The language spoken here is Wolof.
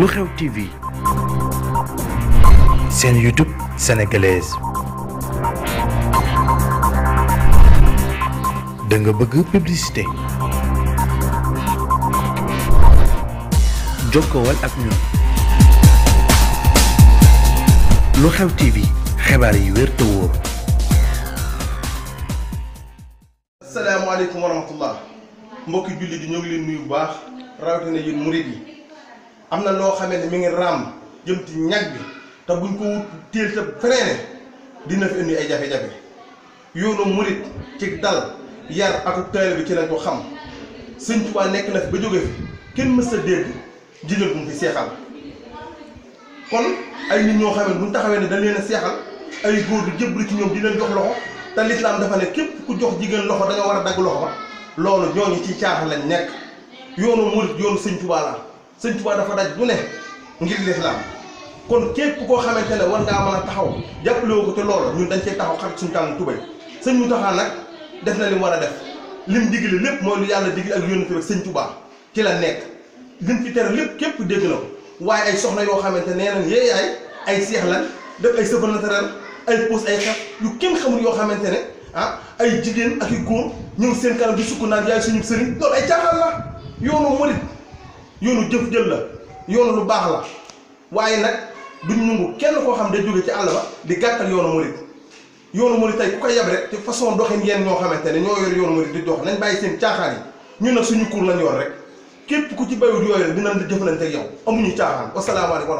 lu xew TV seen YouTube sénégalaise da bëgg publicité jokkowal ak ñun lu xew TV xibaar yi wér wóor. asalaamaaleykum wa rahmatullah mbokki julli di ñoo ngi leen bu baax rawatina yéen murid yi. am na loo xamee ne mi ngi raam jëm ci ñag bi te buñ ko wut teel sa freiné dina fi indi ay jafe-jafe yoonu murit ci dal yar ak taalibe bi ci lañ ko xam Sëñ Tuubaa nekk na fi ba jóge fi kenn mës a dégg jigéen bu mu fi seexal kon ay nit ñoo xam ne buñ taxawee ne dañ leen seexal ay góor du jëbri ci ñoom di leen jox loxo te lislaam am ne képp ku jox jigéen loxo da war a dagg loxo ba loolu ñooñu ci caaxaan lañ nekk yoonu murit yoonu sëñ Tuubaa dafa daj du ne ngir lislaam kon képp koo xamante ne war ngaa mën a taxaw jàppalewoo ko te loolu ñun dañ cee taxaw xarit suñu tànn tubay sëñ mu taxaa nag def na li war a def lim digle lépp mooy lu yàlla digle ak yónnate rek sëñ Tuubaa ci la nekk lim fi tere lépp képp dégg na ko waaye ay soxna yoo xamante nee nañ yéeyaay ay seex lan def ay sëfa naturel ay poos ay xef yu kenn xamul yoo xamante ne ah ay jigéen ak i góor ñëw seen kanam di sukk naan yaay suñu sëriñ loolu ay caaxaan la yoonu murit yoonu jëf jël la yoonu lu baax la waaye nag duñ nungu kenn koo xam day jóge ci àll ba di gàttal yoonu murit yoonu murit tey ku ko yeb rek ci façon doxin yéen ñoo xamante ne ñoo yor yoonu murit di dox nañ bàyyi seen caaxaan yi ñun nag suñu kur lañ yor rek képp ku ci bayut yooyu dinañ di jëflante ak yow amuñu caaxaan wasalaamaaleykum